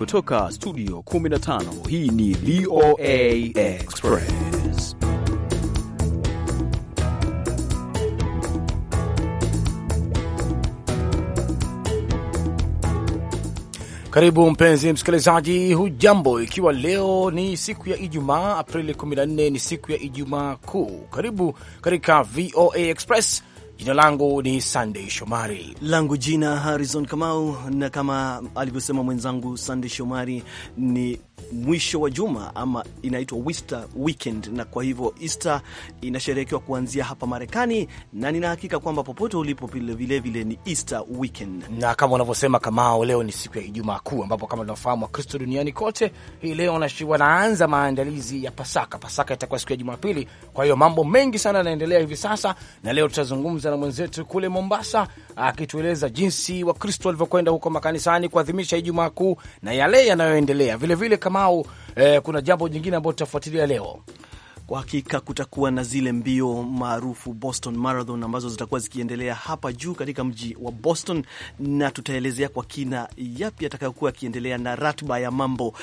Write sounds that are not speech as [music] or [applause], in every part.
kutoka studio 15 hii ni VOA Express Karibu mpenzi msikilizaji, hujambo? Ikiwa leo ni siku ya Ijumaa, Aprili 14 ni siku ya Ijumaa Kuu. Karibu katika VOA Express Jina langu ni sandey Shomari, langu jina Harrison Kamau, na kama alivyosema mwenzangu sandey Shomari, ni mwisho wa juma ama inaitwa Easter weekend, na kwa hivyo Easter inasherehekewa kuanzia hapa Marekani, na ninahakika kwamba popote ulipo vilevile vile ni Easter weekend. Na kama unavyosema Kamao, leo ni siku ya Ijumaa Kuu, ambapo kama tunafahamu Wakristo duniani kote hii leo wanaanza maandalizi ya Pasaka. Pasaka itakuwa siku ya Jumapili, kwa hiyo mambo mengi sana yanaendelea hivi sasa, na leo tutazungumza na mwenzetu kule Mombasa akitueleza jinsi Wakristo walivyokwenda huko makanisani kuadhimisha Ijumaa Kuu na yale yanayoendelea vilevile Kamau, eh, kuna jambo jingine ambayo tutafuatilia leo. Kwa hakika kutakuwa na zile mbio maarufu Boston Marathon ambazo zitakuwa zikiendelea hapa juu katika mji wa Boston, na tutaelezea kwa kina yapi atakayokuwa akiendelea na ratiba ya mambo uh,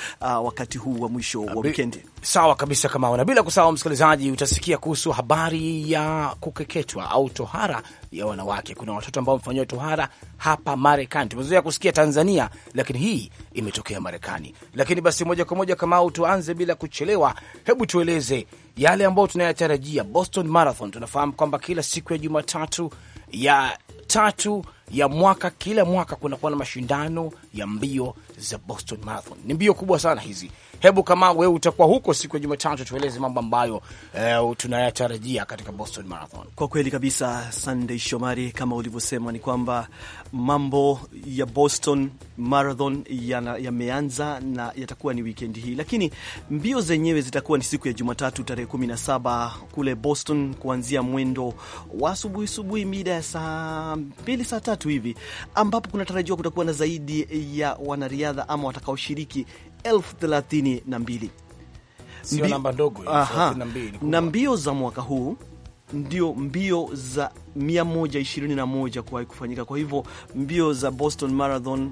wakati huu wa mwisho wa wikendi. Sawa kabisa kama na bila kusahau msikilizaji, utasikia kuhusu habari ya kukeketwa au tohara ya wanawake. Kuna watoto ambao wamefanyiwa tohara hapa Marekani. Tumezoea kusikia Tanzania, lakini hii imetokea Marekani. Lakini basi moja kwa moja, au tuanze bila kuchelewa. Hebu tueleze yale ambayo tunayatarajia Boston Marathon. Tunafahamu kwamba kila siku ya Jumatatu ya tatu ya mwaka. Kila mwaka kunakuwa na mashindano ya mbio za Boston Marathon, ni mbio kubwa sana hizi. Hebu kama wewe utakuwa huko siku ya Jumatatu, tueleze mambo ambayo eh, tunayatarajia katika Boston Marathon. Kwa kweli kabisa, Sunday Shomari, kama ulivyosema, ni kwamba mambo ya Boston Marathon yameanza ya na yatakuwa ni wikendi hii, lakini mbio zenyewe zitakuwa ni siku ya Jumatatu tarehe 17 kule Boston, kuanzia mwendo wa asubuhi subuhi, mida ya saa mbili saa tatu hivi ambapo kunatarajiwa kutakuwa na zaidi ya wanariadha ama watakaoshiriki elfu thelathini na mbili na mbio za mwaka huu ndio mbio za 121 kuwahi kufanyika. Kwa hivyo mbio za Boston Marathon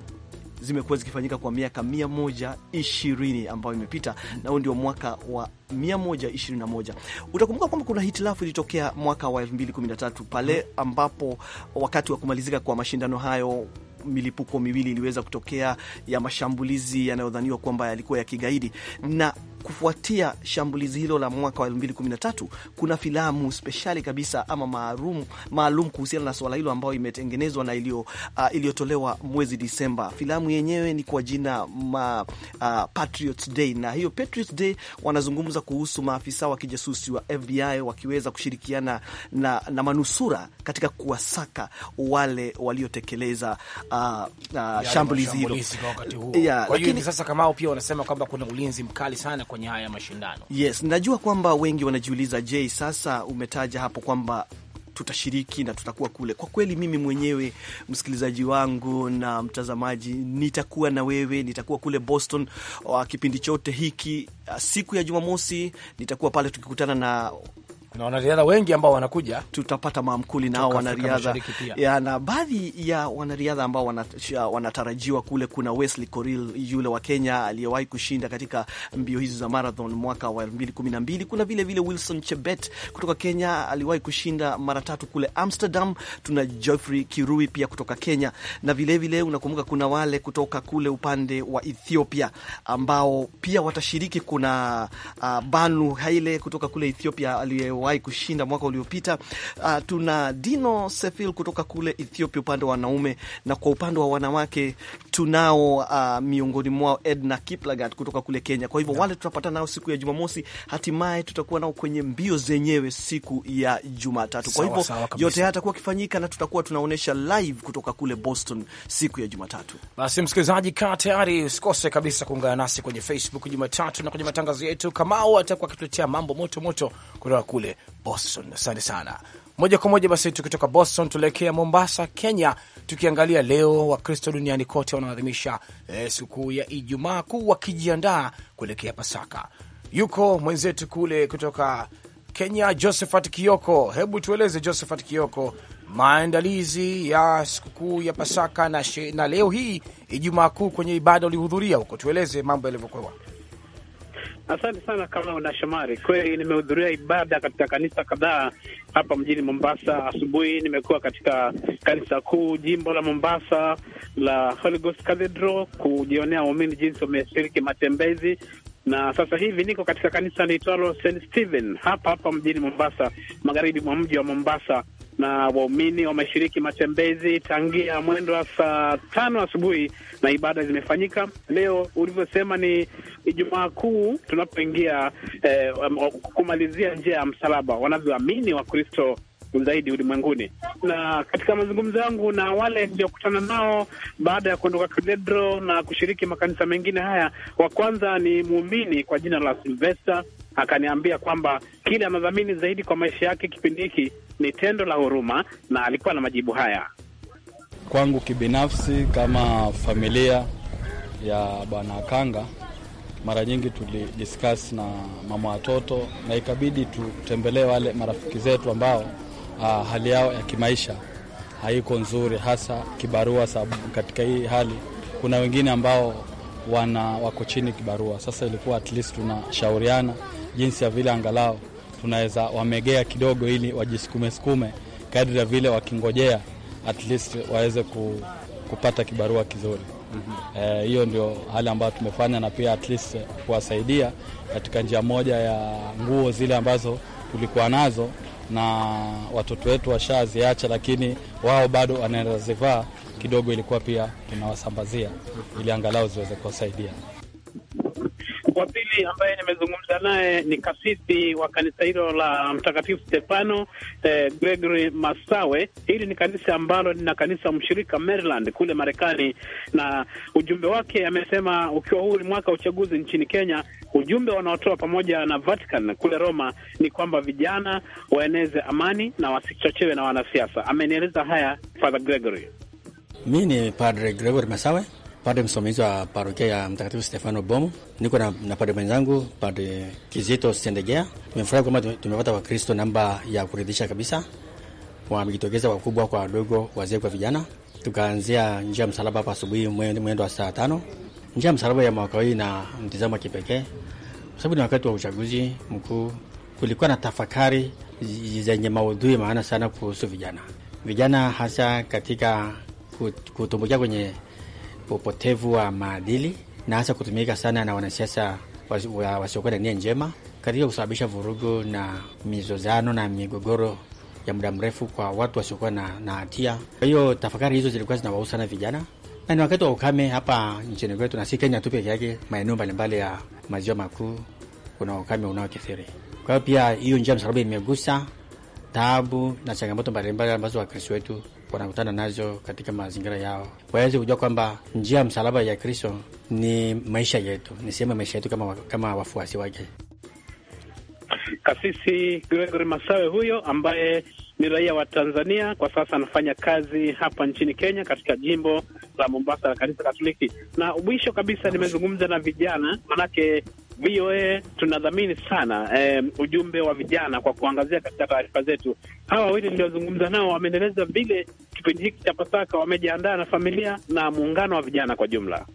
zimekuwa zikifanyika kwa miaka 120 ambayo imepita, na huu ndio mwaka wa 121. Utakumbuka kwamba kuna hitilafu ilitokea mwaka wa 2013 pale mm-hmm. ambapo wakati wa kumalizika kwa mashindano hayo milipuko miwili iliweza kutokea ya mashambulizi yanayodhaniwa kwamba yalikuwa ya kigaidi na kufuatia shambulizi hilo la mwaka wa 2013 kuna filamu speshali kabisa ama maalum maalum kuhusiana na swala hilo ambayo imetengenezwa na iliyotolewa uh, iliyotolewa mwezi Disemba. Filamu yenyewe ni kwa jina ma, uh, Patriots Day, na hiyo Patriots Day wanazungumza kuhusu maafisa wa kijasusi wa FBI wakiweza kushirikiana na, na manusura katika kuwasaka wale waliotekeleza uh, uh, shambulizi hilo. Kwa hiyo sasa, Kamao, pia wanasema kwamba kuna ulinzi mkali sana kwa kwenye haya mashindano. Yes, najua kwamba wengi wanajiuliza, je, sasa umetaja hapo kwamba tutashiriki na tutakuwa kule. Kwa kweli mimi mwenyewe, msikilizaji wangu na mtazamaji, nitakuwa na wewe, nitakuwa kule Boston uh, kipindi chote hiki. Uh, siku ya Jumamosi nitakuwa pale tukikutana na na wanariadha wengi ambao wanakuja, tutapata maamkuli nao wanariadha ya, na baadhi ya wanariadha ambao wanatarajiwa kule, kuna Wesley Korir yule wa Kenya aliyewahi kushinda katika mbio hizi za marathon mwaka wa 2012. Kuna vile vile Wilson Chebet kutoka Kenya aliwahi kushinda mara tatu kule Amsterdam. Tuna Geoffrey Kirui pia kutoka Kenya, na vile vile unakumbuka kuna wale kutoka kule upande wa Ethiopia ambao pia watashiriki. Kuna uh, Banu Haile kutoka kule Ethiopia aliye amewahi kushinda mwaka uliopita. Uh, tuna Dino Sefil kutoka kule Ethiopia upande wa wanaume, na kwa upande wa wanawake tunao uh, miongoni mwao Edna Kiplagat kutoka kule Kenya. Kwa hivyo yeah, wale tutapata nao siku ya Jumamosi, hatimaye tutakuwa nao kwenye mbio zenyewe siku ya Jumatatu. Kwa hivyo yote haya yatakuwa kifanyika na tutakuwa tunaonyesha live kutoka kule Boston siku ya Jumatatu. Basi msikilizaji, kaa tayari, usikose kabisa kuungana nasi kwenye Facebook Jumatatu na kwenye matangazo yetu. Kamau atakuwa akituletea mambo moto moto kutoka kule Boston. Asante sana. Moja kwa moja basi tukitoka Boston tuelekea Mombasa, Kenya, tukiangalia leo Wakristo duniani kote wanaadhimisha eh, sikukuu ya Ijumaa Kuu wakijiandaa kuelekea Pasaka. Yuko mwenzetu kule kutoka Kenya, Josephat Kioko. Hebu tueleze Josephat Kioko, maandalizi ya sikukuu ya Pasaka na, she, na leo hii Ijumaa Kuu kwenye ibada ulihudhuria huko, tueleze mambo yalivyokuwa. Asante sana Kamau Shomari. Kweli nimehudhuria ibada katika kanisa kadhaa hapa mjini Mombasa. Asubuhi nimekuwa katika kanisa kuu jimbo la Mombasa la Holy Ghost Cathedral kujionea waumini jinsi wameshiriki matembezi, na sasa hivi niko katika kanisa liitwalo St Stephen hapa hapa mjini Mombasa, magharibi mwa mji wa Mombasa na waumini wameshiriki matembezi tangia mwendo wa saa tano asubuhi na ibada zimefanyika leo. Ulivyosema ni Ijumaa Kuu, tunapoingia eh, kumalizia njia ya msalaba wanavyoamini Wakristo zaidi ulimwenguni. Na katika mazungumzo yangu na wale niliokutana nao baada ya kuondoka Cathedral na kushiriki makanisa mengine haya, wa kwanza ni muumini kwa jina la Silvesta, akaniambia kwamba kile anadhamini zaidi kwa maisha yake kipindi hiki ni tendo la huruma, na alikuwa na majibu haya. Kwangu kibinafsi, kama familia ya Bwana Kanga, mara nyingi tulidiskasi na mama watoto, na ikabidi tutembelee wale marafiki zetu ambao ah, hali yao ya kimaisha haiko nzuri, hasa kibarua, sababu katika hii hali kuna wengine ambao wana wako chini kibarua. Sasa ilikuwa at least tunashauriana jinsi ya vile angalau tunaweza wamegea kidogo, ili wajisukumesukume kadri ya vile wakingojea, at least waweze ku, kupata kibarua kizuri mhm. eh, hiyo uh, ndio hali ambayo tumefanya, na pia at least kuwasaidia katika njia moja ya nguo zile ambazo tulikuwa nazo na watoto wetu washaziacha, lakini wao bado wanaenda zivaa kidogo, ilikuwa pia tunawasambazia ili angalau ziweze kuwasaidia wa pili ambaye nimezungumza naye ni kasisi wa kanisa hilo la Mtakatifu Stefano eh, Gregory Masawe. Hili ni kanisa ambalo lina kanisa mshirika Maryland kule Marekani, na ujumbe wake amesema, ukiwa huu ni mwaka wa uchaguzi nchini Kenya, ujumbe wanaotoa pamoja na Vatican kule Roma ni kwamba vijana waeneze amani na wasichochewe na wanasiasa. Amenieleza haya Father Gregory. Mi ni Padre Gregory Masawe Pade msimamizi wa parokia ya Mtakatifu Stefano Bomu, niko na, na pade mwenzangu Pade Kizito Sendegea. Tumefurahi kwamba tumepata Wakristo namba ya kuridhisha kabisa, wamejitokeza wakubwa kwa wadogo, wazee kwa vijana. Tukaanzia njia ya msalaba hapa asubuhi mwendo wa saa tano. Njia ya msalaba ya mwaka hii na mtizamo wa kipekee kwa sababu ni wakati wa uchaguzi mkuu. Kulikuwa na tafakari zenye maudhui maana sana kuhusu vijana, vijana hasa katika kutumbukia kwenye upotevu wa maadili na hasa kutumika sana na wanasiasa wasiokuwa na nia njema katika kusababisha vurugu na mizozano na migogoro ya muda mrefu kwa watu wasiokuwa na hatia. Kwa hiyo tafakari hizo zilikuwa zinawahusu sana vijana, na ni wakati wa ukame hapa nchini kwetu, na si Kenya tu peke yake. Maeneo mbalimbali ya maziwa makuu kuna ukame unaokithiri. Kwa hiyo pia hiyo njia msalaba imegusa taabu na changamoto mbalimbali ambazo Wakristo wetu wanakutana nazo katika mazingira yao, waweze kujua kwamba njia ya msalaba ya Kristo ni maisha yetu, ni sehemu ya maisha yetu kama, kama wafuasi wake. Kasisi Gregory Masawe huyo ambaye ni raia wa Tanzania, kwa sasa anafanya kazi hapa nchini Kenya katika jimbo la Mombasa la kanisa Katoliki. Na mwisho kabisa nimezungumza na vijana, manake VOA tunadhamini sana eh, ujumbe wa vijana kwa kuangazia katika taarifa zetu. Hawa wawili niliozungumza nao wameendeleza vile kipindi hiki cha Pasaka wamejiandaa na familia na muungano wa vijana kwa jumla.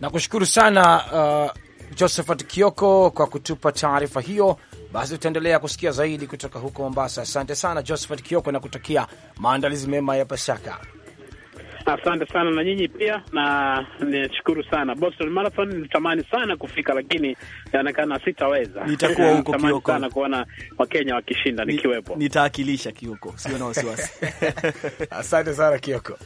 Nakushukuru sana uh, Josephat Kioko kwa kutupa taarifa hiyo. Basi tutaendelea kusikia zaidi kutoka huko Mombasa. Asante sana Josephat Kioko na kutakia maandalizi mema ya Pasaka. Asante sana na nyinyi pia, na nishukuru sana. Boston Marathon Nitamani sana kufika, lakini inaonekana sitaweza. Nitakuwa [laughs] huko Kioko sana kuona Wakenya wakishinda nikiwepo, nitaakilisha Kioko, sio na wasiwasi. [laughs] Asante sana Kioko.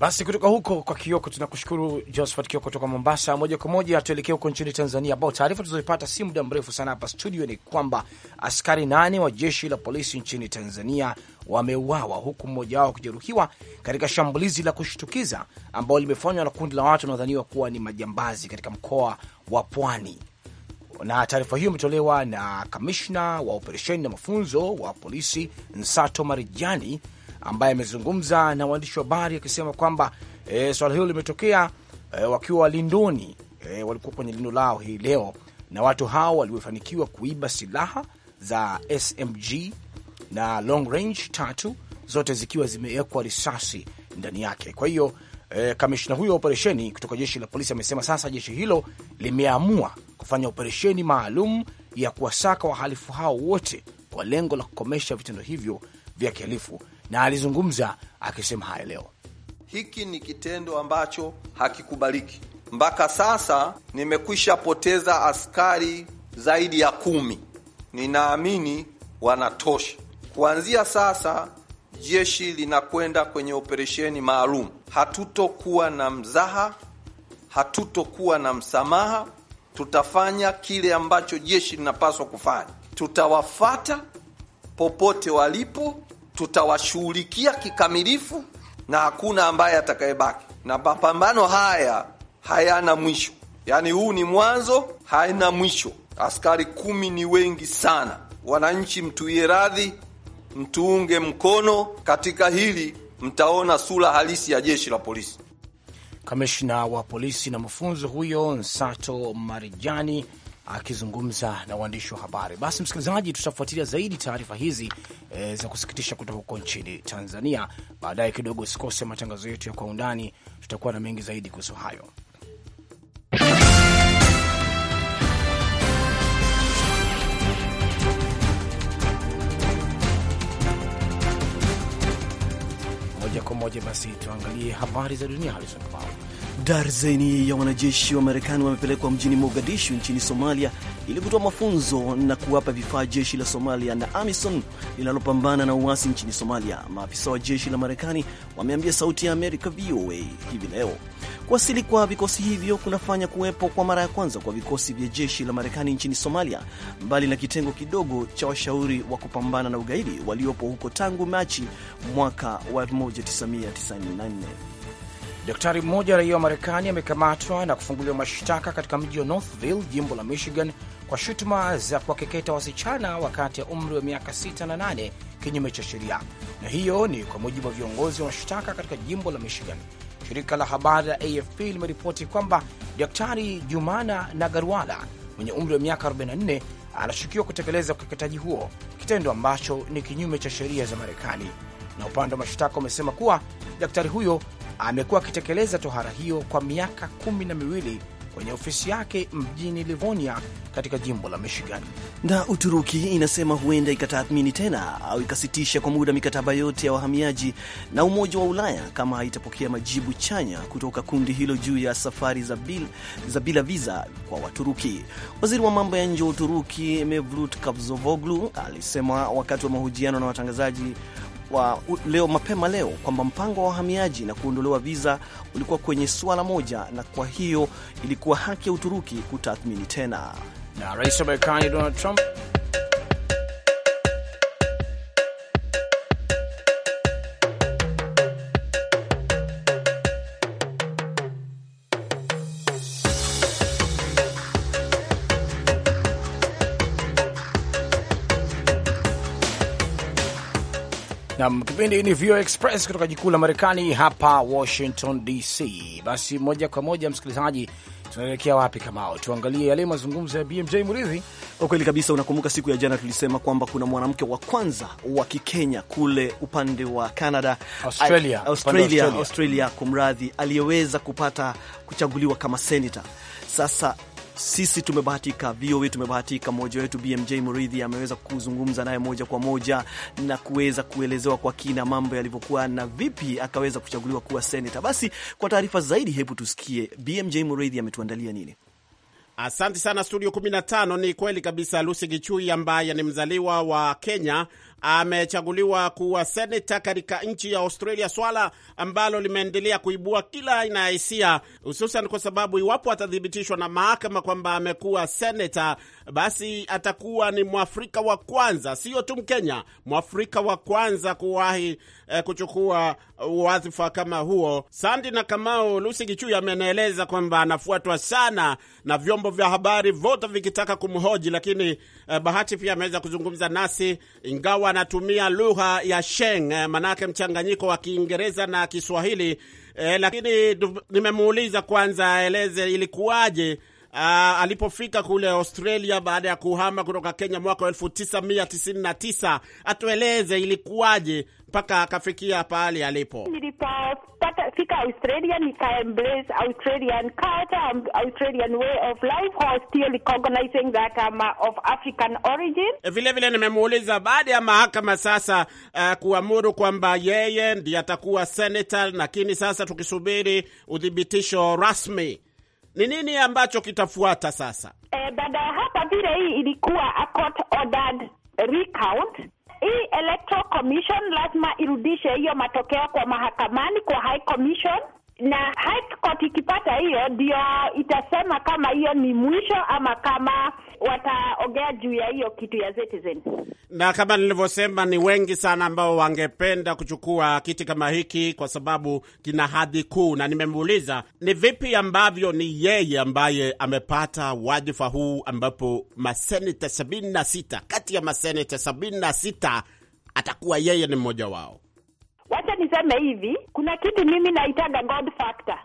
Basi kutoka huko kwa Kioko tunakushukuru Josephat Kioko kutoka Mombasa. Moja kwa moja tuelekea huko nchini Tanzania, ambao taarifa tulizoipata si muda mrefu sana hapa studio ni kwamba askari nane wa jeshi la polisi nchini Tanzania wameuawa huku mmoja wao akijeruhiwa katika shambulizi la kushtukiza ambao limefanywa na kundi la watu wanaodhaniwa kuwa ni majambazi katika mkoa wa Pwani. Na taarifa hiyo imetolewa na kamishna wa operesheni na mafunzo wa polisi Nsato Marijani ambaye amezungumza na waandishi wa habari akisema kwamba e, swala hilo limetokea e, wakiwa lindoni e, walikuwa kwenye lindo lao hii leo, na watu hao waliofanikiwa kuiba silaha za SMG na long range tatu, zote zikiwa zimewekwa risasi ndani yake. Kwa hiyo eh, kamishna huyo wa operesheni kutoka jeshi la polisi amesema sasa jeshi hilo limeamua kufanya operesheni maalum ya kuwasaka wahalifu hao wote kwa lengo la kukomesha vitendo hivyo vya kihalifu, na alizungumza akisema haya leo. Hiki ni kitendo ambacho hakikubaliki. Mpaka sasa nimekwisha poteza askari zaidi ya kumi, ninaamini wanatosha. Kuanzia sasa jeshi linakwenda kwenye operesheni maalum. Hatutokuwa na mzaha, hatutokuwa na msamaha. Tutafanya kile ambacho jeshi linapaswa kufanya. Tutawafata popote walipo, tutawashughulikia kikamilifu na hakuna ambaye atakayebaki. Na mapambano haya hayana mwisho, yaani huu ni mwanzo, haina mwisho. Askari kumi ni wengi sana. Wananchi, mtuie radhi mtuunge mkono katika hili, mtaona sura halisi ya jeshi la polisi. Kamishna wa polisi na mafunzo huyo Nsato Marijani akizungumza na waandishi wa habari. Basi msikilizaji, tutafuatilia zaidi taarifa hizi e, za kusikitisha kutoka huko nchini Tanzania. Baadaye kidogo usikose matangazo yetu ya kwa undani, tutakuwa na mengi zaidi kuhusu hayo. Moja kwa moja basi tuangalie habari za dunia. Darzeni ya wanajeshi wa Marekani wamepelekwa mjini Mogadishu nchini Somalia ili kutoa mafunzo na kuwapa vifaa jeshi la Somalia na AMISON linalopambana na uasi nchini Somalia. Maafisa wa jeshi la Marekani wameambia Sauti ya Amerika VOA hivi leo Kuwasili kwa vikosi hivyo kunafanya kuwepo kwa mara ya kwanza kwa vikosi vya jeshi la Marekani nchini Somalia, mbali na kitengo kidogo cha washauri wa kupambana na ugaidi waliopo huko tangu Machi mwaka wa 1994. Daktari mmoja raia wa Marekani amekamatwa na kufunguliwa mashtaka katika mji wa Northville, jimbo la Michigan, kwa shutuma za kuwakeketa wasichana wakati ya umri wa miaka 6 na 8 kinyume cha sheria, na hiyo ni kwa mujibu wa viongozi wa mashtaka katika jimbo la Michigan. Shirika la habari la AFP limeripoti kwamba Daktari Jumana Nagarwala mwenye umri wa miaka 44 anashukiwa kutekeleza ukeketaji huo, kitendo ambacho ni kinyume cha sheria za Marekani. Na upande wa mashtaka umesema kuwa daktari huyo amekuwa akitekeleza tohara hiyo kwa miaka kumi na miwili kwenye ofisi yake mjini Livonia katika jimbo la Michigan. Na Uturuki inasema huenda ikatathmini tena au ikasitisha kwa muda mikataba yote ya wahamiaji na Umoja wa Ulaya kama haitapokea majibu chanya kutoka kundi hilo juu ya safari za, bil, za bila viza kwa Waturuki. Waziri wa mambo ya nje wa Uturuki Mevlut Kavzovoglu alisema wakati wa mahojiano na watangazaji wa leo mapema leo kwamba mpango wa wahamiaji na kuondolewa viza ulikuwa kwenye suala moja, na kwa hiyo ilikuwa haki ya Uturuki kutathmini tena. Na rais wa Marekani Donald Trump Nam, kipindi ni VOA Express kutoka jikuu la Marekani hapa Washington DC. Basi moja kwa moja, msikilizaji, tunaelekea wapi? Kamao, tuangalie yale mazungumzo ya BMJ kwa Kweli kabisa, unakumbuka siku ya jana tulisema kwamba kuna mwanamke wa kwanza wa Kikenya kule upande wa Canada, Australia, Australia, Australia kumradhi, aliyeweza kupata kuchaguliwa kama senata. Sasa sisi tumebahatika, VOA tumebahatika, mmoja wetu BMJ Mridhi ameweza kuzungumza naye moja kwa moja na kuweza kuelezewa kwa kina mambo yalivyokuwa na vipi akaweza kuchaguliwa kuwa seneta. Basi kwa taarifa zaidi, hebu tusikie BMJ Mridhi ametuandalia nini. Asante sana Studio 15. Ni kweli kabisa, Lusi Gichui ambaye ni mzaliwa wa Kenya amechaguliwa kuwa seneta katika nchi ya Australia, swala ambalo limeendelea kuibua kila aina ya hisia, hususan kwa sababu iwapo atathibitishwa na mahakama kwamba amekuwa seneta, basi atakuwa ni Mwafrika wa kwanza, sio tu Mkenya, Mwafrika wa kwanza kuwahi eh, kuchukua wadhifa kama huo. Sandi na Kamau Lusi Gichui amenieleza kwamba anafuatwa sana na vyombo vya habari vote vikitaka kumhoji, lakini eh, Bahati pia ameweza kuzungumza nasi ingawa anatumia lugha ya Sheng, eh, manake mchanganyiko wa Kiingereza na Kiswahili E, lakini nimemuuliza kwanza aeleze ilikuwaje Uh, alipofika kule Australia baada ya kuhama kutoka Kenya mwaka 1999 atueleze ilikuwaje mpaka akafikia pahali alipo. Nilipopata fika Australia, nika embrace Australian culture, Australian way of life, still recognizing that I'm of African origin. Eh, vile vile nimemuuliza baada ya mahakama sasa uh, kuamuru kwamba yeye ndiye atakuwa senator, lakini sasa tukisubiri uthibitisho rasmi ni nini ambacho kitafuata sasa? Eh, baada ya hapa vile hii ilikuwa a court ordered recount hii Electoral Commission lazima irudishe hiyo matokeo kwa mahakamani, kwa High Commission na High Court ikipata hiyo, ndio itasema kama hiyo ni mwisho ama kama wataongea juu ya hiyo kitu ya Citizen. Na kama nilivyosema, ni wengi sana ambao wangependa kuchukua kiti kama hiki, kwa sababu kina hadhi kuu, na nimemuuliza ni vipi ambavyo ni yeye ambaye amepata wadhifa huu, ambapo maseneta 76 kati ya maseneta 76 atakuwa yeye ni mmoja wao wacha niseme hivi, kuna kitu mimi naitaga God factor,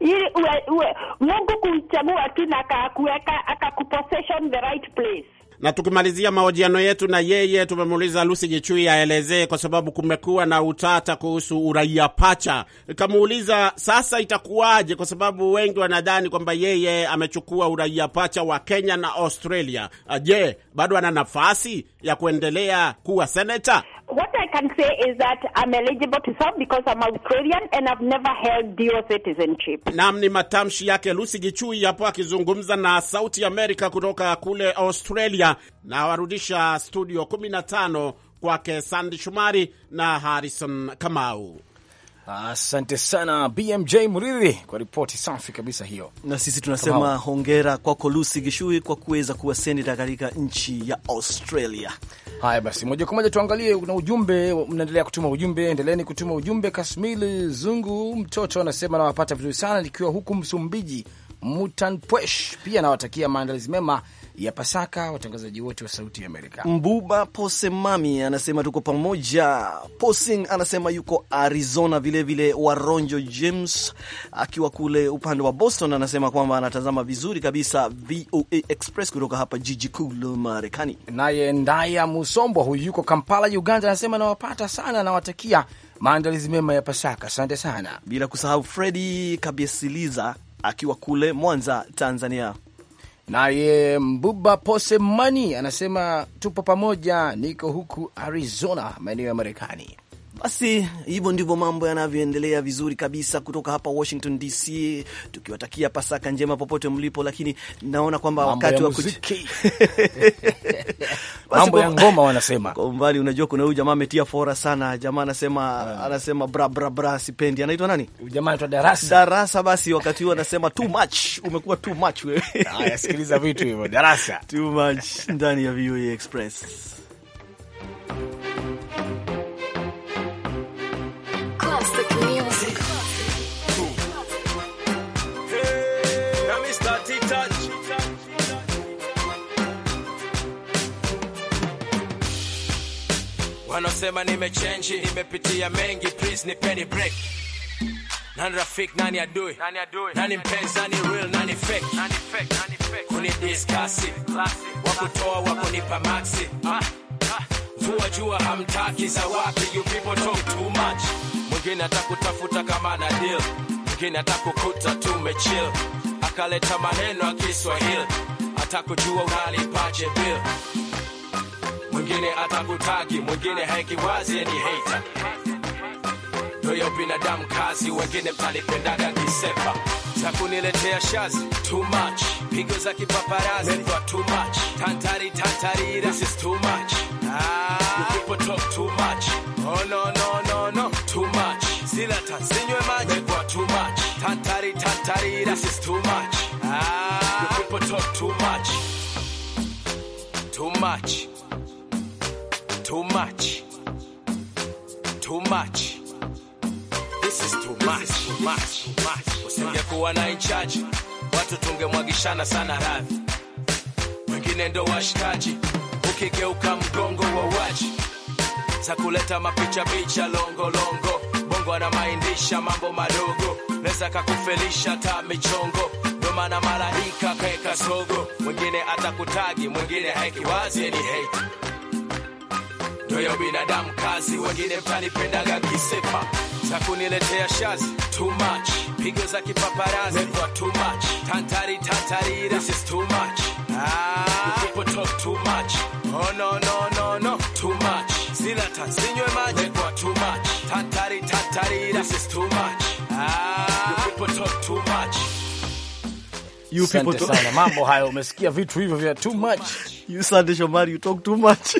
ili uwe, uwe Mungu kuchagua tu na akakuweka akakuposition the right place na tukimalizia mahojiano yetu na yeye, tumemuuliza Lucy Jichui aelezee, kwa sababu kumekuwa na utata kuhusu uraia pacha. ikamuuliza sasa itakuwaje, kwa sababu wengi wanadhani kwamba yeye amechukua uraia pacha wa Kenya na Australia. Ah, je, bado ana nafasi ya kuendelea kuwa seneta? what I can say is that I'm eligible to serve because I'm Australian and I've never held dual citizenship. Naam, ni matamshi yake Lucy Gichui hapo akizungumza na Sauti Amerika kutoka kule Australia, na warudisha studio 15 kwake Sandi Shumari na Harrison Kamau. Asante sana BMJ Muridhi kwa ripoti safi kabisa hiyo. Na sisi tunasema Kamau, hongera kwako Lucy Gishui kwa kuweza kuwa seneta katika nchi ya Australia. Haya basi, moja kwa moja tuangalie, na ujumbe mnaendelea kutuma ujumbe, endeleeni kutuma ujumbe. Kasmili Zungu mtoto anasema nawapata vizuri sana nikiwa huku Msumbiji Mutanpwesh pia anawatakia maandalizi mema ya Pasaka watangazaji wote wa Sauti ya Amerika. Mbuba Posemami anasema tuko pamoja. Posing anasema yuko Arizona, vilevile vile Waronjo James akiwa kule upande wa Boston anasema kwamba anatazama vizuri kabisa VOA Express kutoka hapa jiji kuu la Marekani. Naye Ndaya Musombwa huyu yuko Kampala, Uganda, anasema anawapata sana, nawatakia maandalizi mema ya Pasaka. Asante sana, bila kusahau Fredi Kabiesiliza akiwa kule Mwanza, Tanzania. Naye Mbuba pose mani anasema tupo pamoja, niko huku Arizona, maeneo ya Marekani. Basi hivyo ndivyo mambo yanavyoendelea vizuri kabisa kutoka hapa Washington DC, tukiwatakia Pasaka njema popote mlipo. Lakini naona kwamba wakati wa kuchiki [laughs] mambo ya ngoma wanasema kwa umbali. Unajua, kuna huyu jamaa ametia fora sana. Jamaa anasema yeah. anasema bra bra bra, sipendi. Anaitwa nani jamaa? Anaitwa Darasa. Darasa, basi wakati huo anasema too much, umekuwa too much wewe. [laughs] Haya, sikiliza vitu hivyo Darasa, too much ndani ya VOA e Express. Wanaosema nimechenji, nimepitia mengi, please nipeni break. Nani rafiki, nani adui, nani adui, nani mpenzi, nani real, nani fake, nani fake, nani fake. Kunidiscuss, wakutoa wakunipa maxi. Ah, Vua ah. jua hamtaki za wapi, you people talk too much. Mwingine atakutafuta kama na deal, mwingine atakukuta tumechill. Akaleta maneno ya Kiswahili, atakujua unalipaje bill mwingine atakutaki, mwingine heki wazi ni hater. Ndoyo binadamu kazi, wengine mtalipendaga kisepa za kuniletea shazi too much, pigo za kipaparazi mendwa too much, tantari tantari, this is too much ah, people talk too much oh no no no no too much, sila tasinywe maji mendwa too much, tantari tantari, this is too much ah, people talk too much too much Too much. Too much. This is too much. Too much. Too much. Usingekuwa na inchaji, watu tungemwagishana sana radhi, wengine ndo washikaji, ukigeuka mgongo wa waji za kuleta mapicha picha longo longo, bongo anamaindisha mambo madogo, naweza kakufelisha ta michongo ndomana malaika kaeka sogo, mwingine atakutagi, mwingine haikiwazi ni hate ndoyo binadamu kazi, wengine mtanipendaga kisepa za kuniletea shazi too much, pigo za kipaparazi kwa too much, tantari tantari, this is too much ah, people talk too much, oh no no no no too much, sina tansinywe maji kwa too much, tantari tantari, this is too much ah, people talk too much you people to... sana mambo hayo, umesikia vitu hivyo vya too much you Sunday Shomari, you talk too much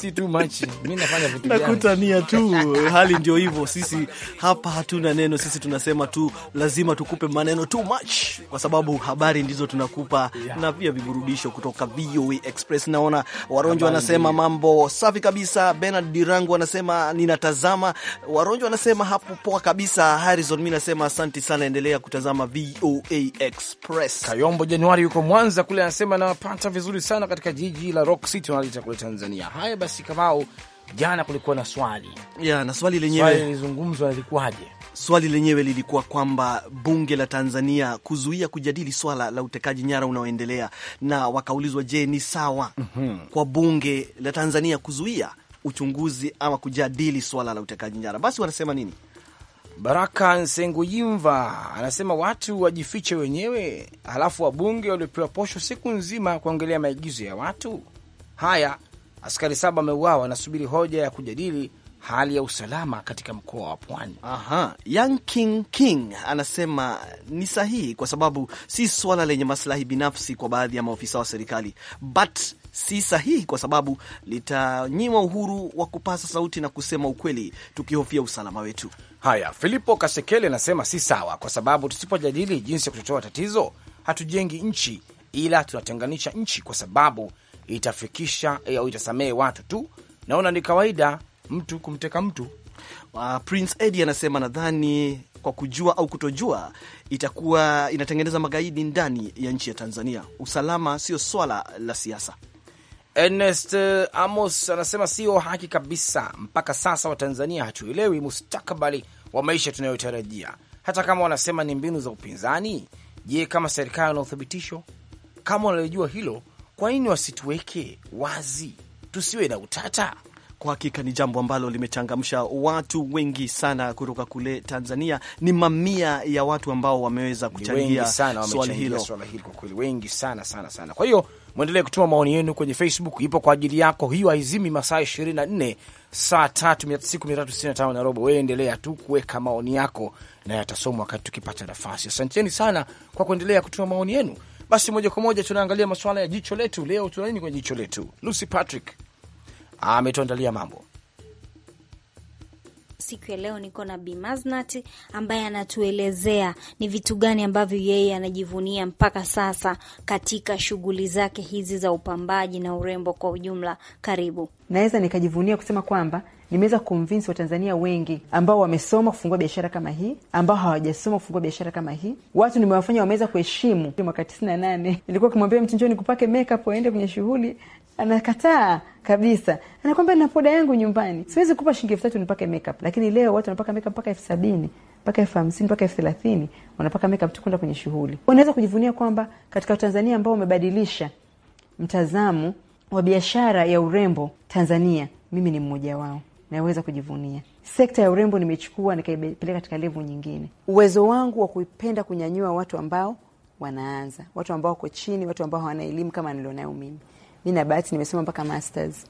si too much, nafanya vitu nakutania tu hali ndio hivyo, sisi hapa hatuna neno, sisi tunasema tu lazima tukupe maneno too much, kwa sababu habari ndizo tunakupa yeah, na pia viburudisho kutoka VOA Express. Naona Waronjo wanasema mambo safi kabisa. Bernard Dirangu anasema ninatazama. Waronjo anasema hapo poa kabisa. Harrison, mi nasema asante sana, endelea kutazama VOA Express. Express. Kayombo Januari yuko Mwanza kule, anasema nawapata vizuri sana katika jiji la Rock City wanalita kule Tanzania. Haya basi, Kamau, jana kulikuwa na swali ya, na swali lenyewe lilizungumzwa, lilikuwaje? Swali lenyewe lilikuwa kwamba bunge la Tanzania kuzuia kujadili swala la utekaji nyara unaoendelea, na wakaulizwa, je, ni sawa mm -hmm. kwa bunge la Tanzania kuzuia uchunguzi ama kujadili swala la utekaji nyara? Basi wanasema nini? Baraka Nsenguyimva anasema watu wajifiche wenyewe, halafu wabunge waliopewa posho siku nzima kuongelea maigizo ya watu haya. Askari saba wameuawa, anasubiri hoja ya kujadili hali ya usalama katika mkoa wa Pwani. Aha, Young King King anasema ni sahihi kwa sababu si swala lenye maslahi binafsi kwa baadhi ya maofisa wa serikali, but si sahihi kwa sababu litanyima uhuru wa kupasa sauti na kusema ukweli, tukihofia usalama wetu. Haya, Filipo Kasekele anasema si sawa, kwa sababu tusipojadili jinsi ya kutotoa tatizo hatujengi nchi, ila tunatenganisha nchi, kwa sababu itafikisha au eh, itasamehe watu tu. Naona ni kawaida mtu kumteka mtu. Uh, Prince Eddie anasema nadhani kwa kujua au kutojua itakuwa inatengeneza magaidi ndani ya nchi ya Tanzania. Usalama sio swala la siasa. Ernest eh, Amos anasema sio haki kabisa. Mpaka sasa Watanzania hatuelewi mustakabali wa maisha tunayotarajia, hata kama wanasema ni mbinu za upinzani. Je, kama serikali na uthibitisho kama wanalijua hilo, kwa nini wasituweke wazi tusiwe na utata? kwa hakika ni jambo ambalo limechangamsha watu wengi sana kutoka kule Tanzania. Ni mamia ya watu ambao wameweza kuchangia swali hilo, kwa kweli wengi sana sana sana. Kwa hiyo mwendelee kutuma maoni yenu kwenye Facebook, ipo kwa ajili yako hiyo, haizimi masaa 24 saa tatu siku mia tatu sitini na tano na robo. Wewe endelea tu kuweka maoni yako na yatasomwa wakati tukipata nafasi. Asanteni sana kwa kuendelea kutuma maoni yenu. Basi moja kwa moja tunaangalia masuala ya jicho letu leo. Tuna nini kwenye jicho letu, Lucy Patrick? ametuandalia mambo siku ya leo niko na Bi Maznat ambaye anatuelezea ni vitu gani ambavyo yeye anajivunia mpaka sasa katika shughuli zake hizi za upambaji na urembo kwa ujumla. Karibu. Naweza nikajivunia kusema kwamba nimeweza kumvinsi Watanzania wengi ambao wamesoma kufungua biashara kama hii, ambao hawajasoma kufungua biashara kama hii. Watu nimewafanya wameweza kuheshimu. Mwaka tisini na nane nilikuwa kimwambia mtu njoo nikupake makeup waende kwenye shughuli, anakataa kabisa, anakwambia na poda yangu nyumbani, siwezi kupa shilingi elfu tatu nipake makeup. Lakini leo watu wanapaka makeup mpaka elfu sabini mpaka elfu hamsini mpaka elfu thelathini wanapaka makeup tu kwenda kwenye shughuli. Unaweza kujivunia kwamba katika Tanzania ambao umebadilisha mtazamo wa biashara ya urembo Tanzania, mimi ni mmoja wao, naweza kujivunia sekta ya urembo. Nimechukua nikaipeleka katika levu nyingine, uwezo wangu wa kupenda kunyanyua watu ambao wanaanza, watu ambao wako chini, watu ambao hawana elimu kama nilionayo mimi mi na bahati nimesoma mpaka masters,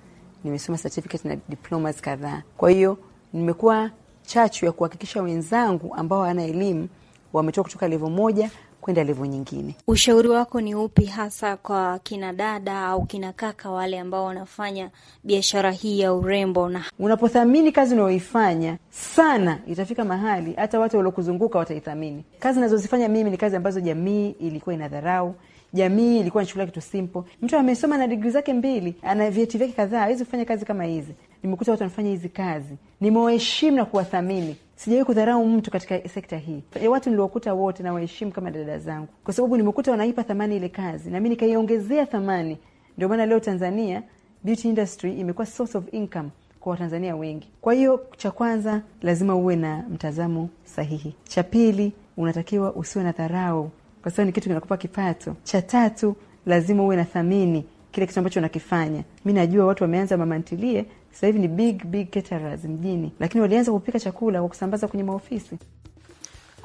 nimesoma certificate na diplomas kadhaa. Kwa hiyo nimekuwa chachu ya kuhakikisha wenzangu ambao hawana elimu wametoka kutoka levo moja kwenda levo nyingine. Ushauri wako ni upi hasa kwa kina dada au kina kaka wale ambao wanafanya biashara hii ya urembo? Na unapothamini kazi unayoifanya sana, itafika mahali hata watu waliokuzunguka wataithamini. Kazi nazozifanya mimi ni kazi ambazo jamii ilikuwa inadharau, jamii ilikuwa inachukulia kitu simple. Mtu amesoma na digri zake mbili, ana vyeti vyake kadhaa, awezi kufanya kazi kama hizi. Nimekuta watu wanafanya hizi kazi, nimewaheshimu na kuwathamini. Sijawai kudharau mtu katika sekta hii. Watu niliokuta wote nawaheshimu kama dada zangu, kwa sababu nimekuta wanaipa thamani ile kazi, nami nikaiongezea thamani. Ndio maana leo Tanzania beauty industry imekuwa source of income kwa Watanzania wengi. Kwa hiyo, cha kwanza lazima uwe na mtazamo sahihi. Cha pili, unatakiwa usiwe na dharau kwa sababu ni kitu kinakupa kipato. Cha tatu, lazima uwe na thamini kile kitu ambacho unakifanya. Mi najua watu wameanza mamantilie sasa hivi ni big big caterers mjini, lakini walianza kupika chakula kwa kusambaza kwenye maofisi.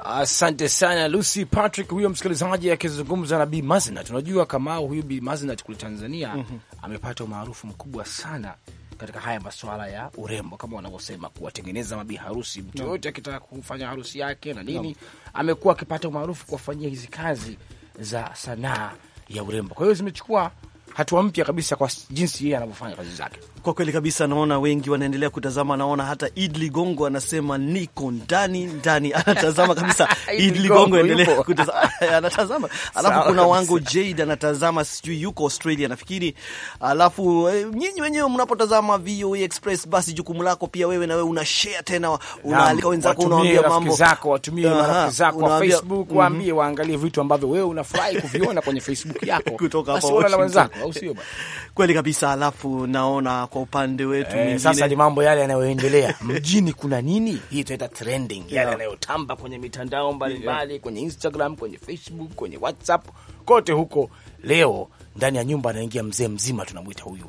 Asante sana Lucy Patrick, huyo msikilizaji akizungumza na Bi Mazinat. Unajua kama huyu Bi Mazinat kule Tanzania mm -hmm. amepata umaarufu mkubwa sana katika haya masuala ya urembo kama wanavyosema kuwatengeneza mabi harusi. Mtu yoyote no. akitaka kufanya harusi yake na nini no. amekuwa akipata umaarufu kuwafanyia hizi kazi za sanaa ya urembo. Kwa hiyo zimechukua hatua mpya kabisa kwa jinsi yeye anavyofanya kazi zake. Kwa kweli kabisa, naona wengi wanaendelea kutazama. Naona hata Idli Gongo anasema niko ndani ndani, [laughs] anatazama kabisa [laughs] Idli Gongo endelea kutazama, [laughs] anatazama. Alafu kuna wangu Jade anatazama, sijui yuko Australia nafikiri. Alafu eh, nyinyi wenyewe mnapotazama VOA e Express, basi jukumu lako pia wewe na wewe una share tena, unaalika wenzako, unaambia mambo zako, watumie marafiki zako wa Facebook, waambie mhm. waangalie vitu ambavyo wewe unafurahi kuviona kwenye Facebook yako kutoka hapa wenzako au sio bwana? [laughs] Kweli kabisa. Alafu naona kwa upande wetu eh, sasa ni mambo yale yanayoendelea [laughs] mjini, kuna nini hii tunaita trending, yale yanayotamba yeah, kwenye mitandao mbalimbali yeah, kwenye Instagram, kwenye Facebook, kwenye WhatsApp, kote huko. Leo ndani ya nyumba anaingia mzee mzima, tunamwita huyu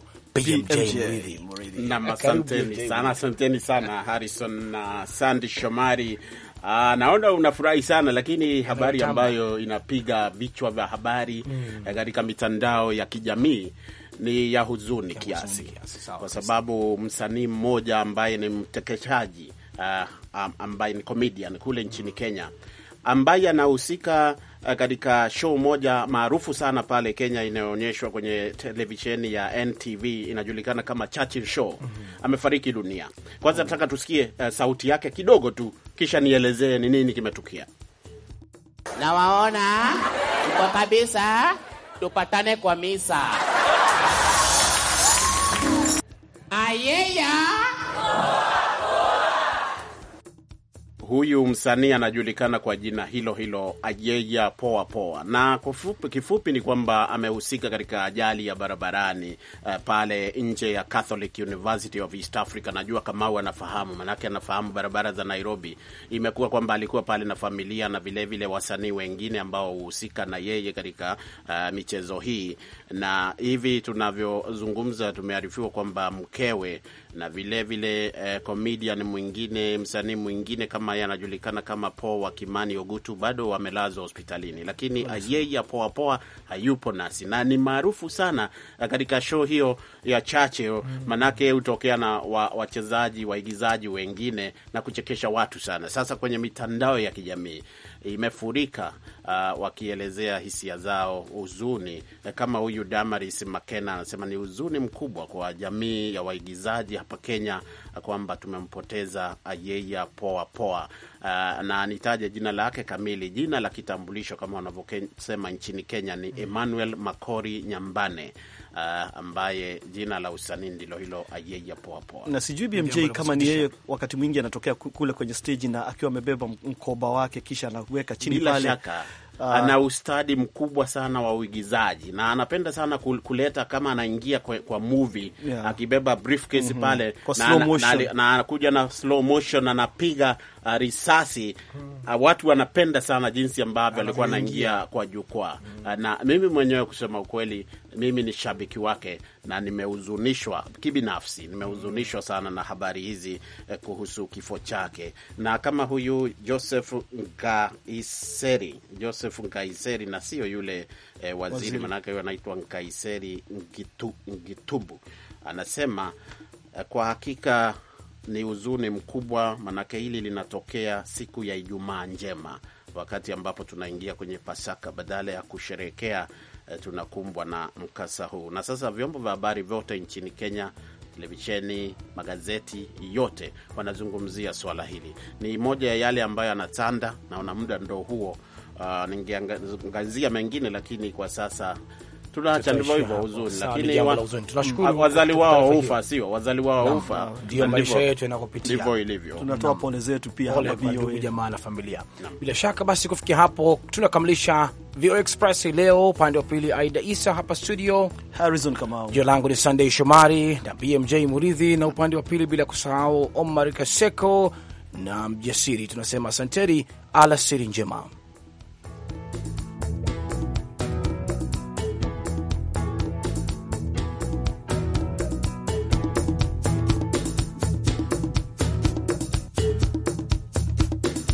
Asanteni sana, asanteni sana Harrison na Sandy Shomari Aa, ah, naona unafurahi sana lakini habari ambayo inapiga vichwa vya habari hmm. eh, katika mm. mitandao ya kijamii ni ya huzuni ya kiasi, kiasi kwa sababu msanii mmoja ambaye ni mtekeshaji uh, ambaye ni comedian kule nchini Kenya ambaye anahusika eh, katika show moja maarufu sana pale Kenya inayoonyeshwa kwenye televisheni ya NTV inajulikana kama Churchill Show. mm -hmm. Amefariki dunia. Kwanza mhm. nataka tusikie uh, sauti yake kidogo tu kisha nielezee ni nini kimetukia. Nawaona tuko kabisa, tupatane kwa misa. Ayeya huyu msanii anajulikana kwa jina hilo hilo Ajeya Poa Poa, na kufupi, kifupi ni kwamba amehusika katika ajali ya barabarani uh, pale nje ya Catholic University of East Africa. Najua Kamau anafahamu, manake anafahamu barabara za Nairobi. Imekuwa kwamba alikuwa pale na familia na vilevile wasanii wengine ambao huhusika na yeye katika uh, michezo hii, na hivi tunavyozungumza tumearifiwa kwamba mkewe na vilevile vile, eh, comedian mwingine msanii mwingine kama yeye anajulikana kama Poa wa Kimani Ogutu bado wamelazwa hospitalini, lakini yeye Poa Poa hayupo nasi na ni maarufu sana eh, katika show hiyo ya chache oh, mm -hmm. Manake hutokea na wachezaji waigizaji wengine na kuchekesha watu sana. Sasa kwenye mitandao ya kijamii imefurika uh, wakielezea hisia zao, huzuni eh, kama huyu Damaris Makena anasema ni huzuni mkubwa kwa jamii ya waigizaji hapa Kenya uh, kwamba tumempoteza uh, yeya Poa Poa. Uh, na nitaje jina lake kamili, jina la kitambulisho kama wanavyosema nchini Kenya ni Emmanuel Makori Nyambane uh, ambaye jina la usanii ndilo hilo Ayeya Poa Poa. Na sijui BMJ kama ni yeye, wakati mwingi anatokea kule kwenye stage na akiwa amebeba mkoba wake kisha anaweka chini pale. Uh, ana ustadi mkubwa sana wa uigizaji na anapenda sana kuleta kama anaingia kwa, kwa movie yeah, akibeba briefcase mm -hmm, pale na anakuja na slow motion anapiga na Uh, risasi uh, watu wanapenda sana jinsi ambavyo alikuwa anaingia kwa jukwaa mm. na mimi mwenyewe kusema ukweli, mimi ni shabiki wake na nimehuzunishwa kibinafsi, nimehuzunishwa sana na habari hizi eh, kuhusu kifo chake, na kama huyu Joseph Nkaiseri, Joseph Nkaiseri na sio yule eh, waziri, waziri. Manake huyo anaitwa Nkaiseri Ngitu, Ngitubu anasema kwa hakika ni huzuni mkubwa, manake hili linatokea siku ya Ijumaa Njema, wakati ambapo tunaingia kwenye Pasaka. Badala ya kusherekea eh, tunakumbwa na mkasa huu. Na sasa vyombo vya habari vyote nchini Kenya televisheni, magazeti yote wanazungumzia swala hili. Ni moja ya yale ambayo anatanda, naona muda ndo huo. Uh, ningeangazia mengine lakini kwa sasa tunaacha ndivyo hivyo, huzuni, lakini wazali wao hufa, sio wazali wao hufa, ndio maisha yetu yanakopitia, ndivyo ilivyo. Tunatoa pole zetu pia hapa VOA jamaa na familia. Bila shaka basi, kufikia hapo tunakamilisha VOA Express leo. Upande wa pili Aida Isa, hapa studio Harrison Kamau, jina langu ni Sunday Shomari na BMJ Muridhi, na upande wa pili bila kusahau Omar Kaseko na Mjasiri. Tunasema asanteni, alasiri njema.